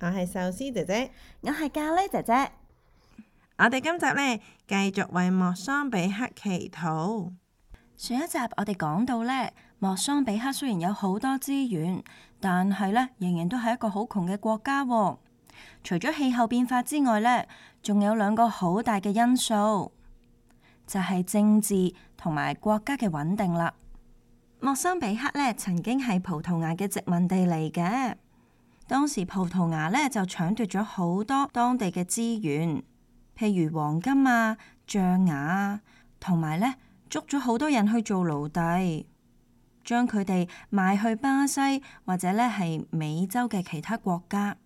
我係壽司姐姐，我係咖喱姐姐。我哋今集咧繼續為莫桑比克祈禱。上一集我哋講到咧，莫桑比克雖然有好多資源，但係咧仍然都係一個好窮嘅國家。除咗氣候變化之外咧，仲有兩個好大嘅因素，就係政治同埋國家嘅穩定啦。莫桑比克咧曾經係葡萄牙嘅殖民地嚟嘅。當時葡萄牙咧就搶奪咗好多當地嘅資源，譬如黃金啊、象牙啊，同埋咧捉咗好多人去做奴隸，將佢哋賣去巴西或者咧係美洲嘅其他國家。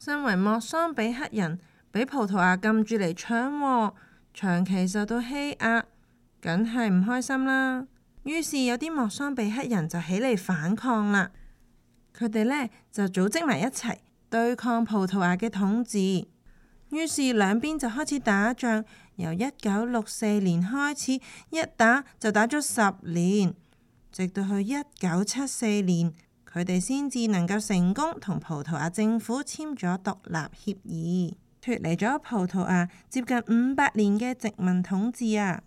身為莫桑比克人，俾葡萄牙禁住嚟搶，長期受到欺壓，梗係唔開心啦。於是有啲莫桑比克人就起嚟反抗啦。佢哋咧就組織埋一齊對抗葡萄牙嘅統治，於是兩邊就開始打仗。由一九六四年開始，一打就打咗十年，直到去一九七四年，佢哋先至能夠成功同葡萄牙政府簽咗獨立協議，脫離咗葡萄牙接近五百年嘅殖民統治啊！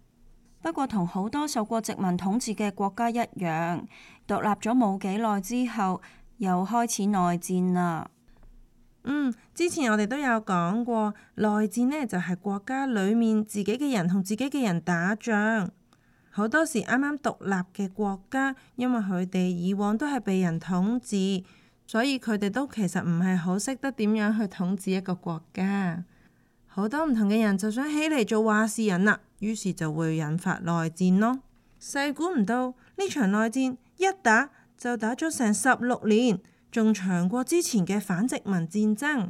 不過同好多受過殖民統治嘅國家一樣，獨立咗冇幾耐之後，又開始內戰啦。嗯，之前我哋都有講過，內戰呢就係、是、國家裏面自己嘅人同自己嘅人打仗。好多時啱啱獨立嘅國家，因為佢哋以往都係被人統治，所以佢哋都其實唔係好識得點樣去統治一個國家。好多唔同嘅人就想起嚟做話事人啦，於是就會引發內戰咯。細估唔到呢場內戰一打。就打咗成十六年，仲長過之前嘅反殖民戰爭。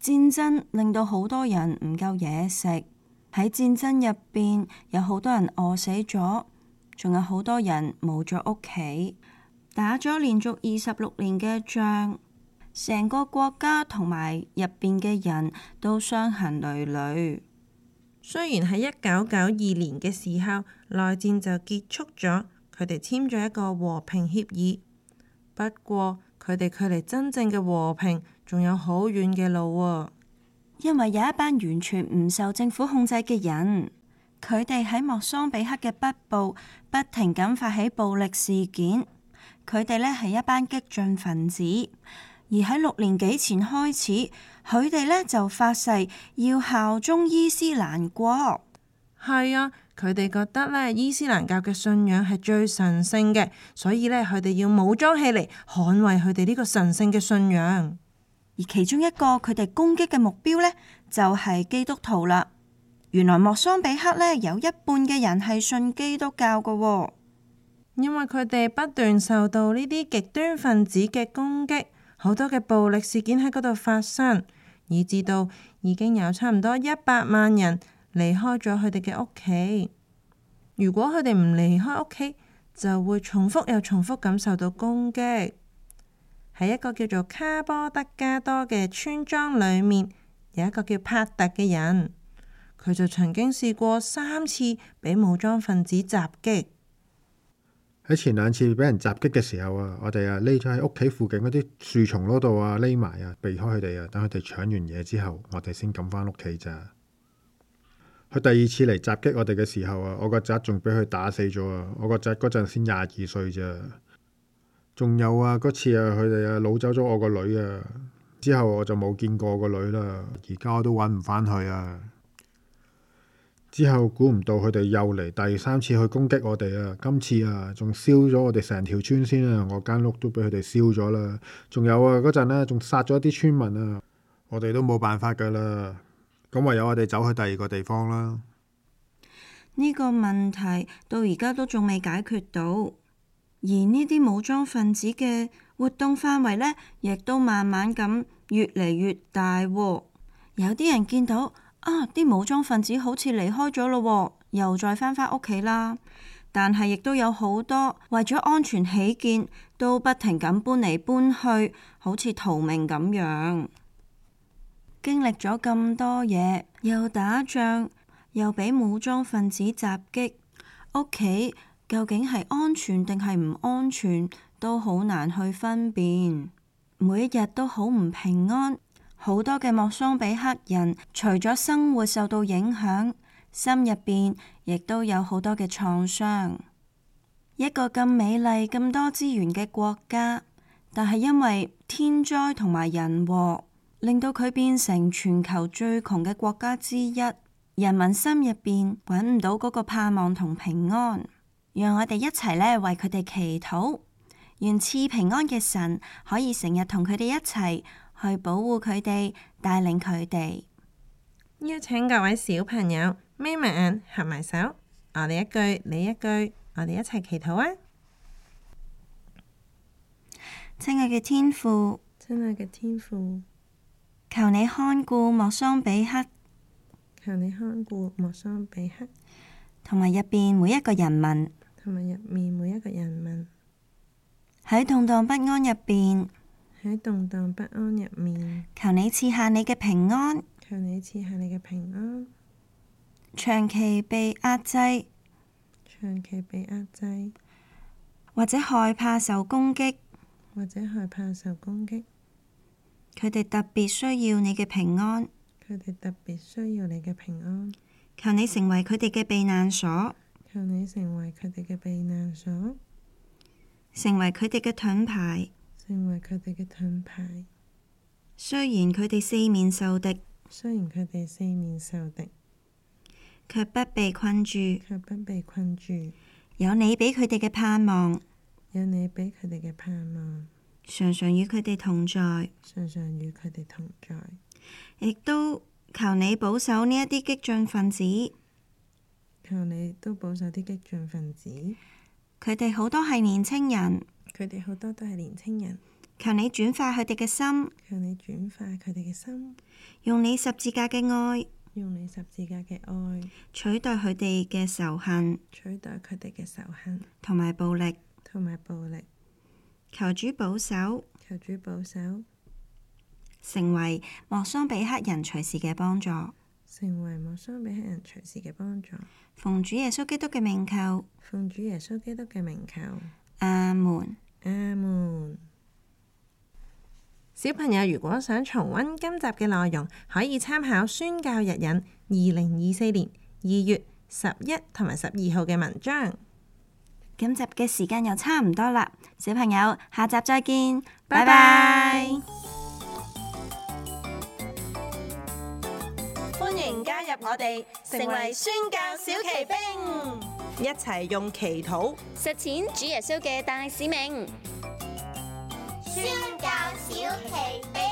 戰爭令到好多人唔夠嘢食，喺戰爭入邊有好多人餓死咗，仲有好多人冇咗屋企。打咗連續二十六年嘅仗，成個國家同埋入邊嘅人都傷痕累累。雖然喺一九九二年嘅時候，內戰就結束咗。佢哋簽咗一個和平協議，不過佢哋距離真正嘅和平仲有好遠嘅路喎，啊，因為有一班完全唔受政府控制嘅人，佢哋喺莫桑比克嘅北部不停咁發起暴力事件。佢哋呢係一班激進分子，而喺六年幾前開始，佢哋呢就發誓要效忠伊斯蘭國。係啊。佢哋覺得咧，伊斯蘭教嘅信仰係最神聖嘅，所以咧，佢哋要武裝起嚟捍衞佢哋呢個神聖嘅信仰。而其中一個佢哋攻擊嘅目標咧，就係基督徒啦。原來莫桑比克咧有一半嘅人係信基督教㗎喎，因為佢哋不斷受到呢啲極端分子嘅攻擊，好多嘅暴力事件喺嗰度發生，以至到已經有差唔多一百萬人。離開咗佢哋嘅屋企。如果佢哋唔離開屋企，就會重複又重複感受到攻擊。喺一個叫做卡波德加多嘅村莊裏面，有一個叫帕特嘅人，佢就曾經試過三次俾武裝分子襲擊。喺前兩次俾人襲擊嘅時候啊，我哋啊匿咗喺屋企附近嗰啲樹叢嗰度啊匿埋啊，避開佢哋啊，等佢哋搶完嘢之後，我哋先敢翻屋企咋。佢第二次嚟襲擊我哋嘅時候啊，我個侄仲俾佢打死咗啊！我個侄嗰陣先廿二歲咋，仲有啊嗰次啊，佢哋啊擄走咗我個女啊！之後我就冇見過個女啦，而家我都揾唔返佢啊！之後估唔到佢哋又嚟第三次去攻擊我哋啊！今次啊，仲燒咗我哋成條村先啊！我間屋都俾佢哋燒咗啦！仲有啊嗰陣呢，仲殺咗啲村民啊！我哋都冇辦法噶啦～咁唯有我哋走去第二個地方啦。呢個問題到而家都仲未解決到，而呢啲武裝分子嘅活動範圍呢，亦都慢慢咁越嚟越大喎。有啲人見到啊，啲武裝分子好似離開咗咯喎，又再翻返屋企啦。但係亦都有好多為咗安全起見，都不停咁搬嚟搬去，好似逃命咁樣。經歷咗咁多嘢，又打仗，又俾武裝分子襲擊，屋企究竟係安全定係唔安全，都好難去分辨。每一日都好唔平安，好多嘅莫桑比克人，除咗生活受到影響，心入邊亦都有好多嘅創傷。一個咁美麗、咁多資源嘅國家，但係因為天災同埋人禍，令到佢變成全球最窮嘅國家之一，人民心入邊揾唔到嗰個盼望同平安，讓我哋一齊呢，為佢哋祈禱，願賜平安嘅神可以成日同佢哋一齊去保護佢哋，帶領佢哋。邀請各位小朋友眯埋眼，合埋手，我哋一句，你一句，我哋一齊祈禱啊！親愛嘅天父，親愛嘅天父。求你看顧莫桑比克，求你看顧莫桑比克，同埋入面每一個人民，同埋入面每一個人民，喺動蕩不安入面，喺動蕩不安入面，求你賜下你嘅平安，求你賜下你嘅平安。長期被壓制，長期被壓制，或者害怕受攻擊，或者害怕受攻擊。佢哋特別需要你嘅平安。佢哋特別需要你嘅平安。求你成為佢哋嘅避難所。求你成為佢哋嘅避難所。成為佢哋嘅盾牌。成為佢哋嘅盾牌。雖然佢哋四面受敵，雖然佢哋四面受敵，卻不被困住，卻不被困住。有你畀佢哋嘅盼望。有你畀佢哋嘅盼望。常常與佢哋同在，常常與佢哋同在，亦都求你保守呢一啲激進分子。求你都保守啲激進分子。佢哋好多係年青人。佢哋好多都係年青人。求你轉化佢哋嘅心。求你轉化佢哋嘅心。用你十字架嘅愛。用你十字架嘅愛。取代佢哋嘅仇恨。取代佢哋嘅仇恨。同埋暴力。同埋暴力。求主保守，求主保守，成為莫桑比克人隨時嘅幫助，成為莫桑比克人隨時嘅幫助。奉主耶穌基督嘅名求，奉主耶穌基督嘅名求。阿門，阿門。小朋友如果想重溫今集嘅內容，可以參考宣教日引二零二四年二月十一同埋十二號嘅文章。今集嘅時間又差唔多啦，小朋友下集再見，拜拜！歡迎加入我哋，成為宣教小騎兵，一齊用祈禱實踐主耶穌嘅大使命。宣教小騎兵。